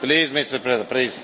Please, Mr. Preda, please.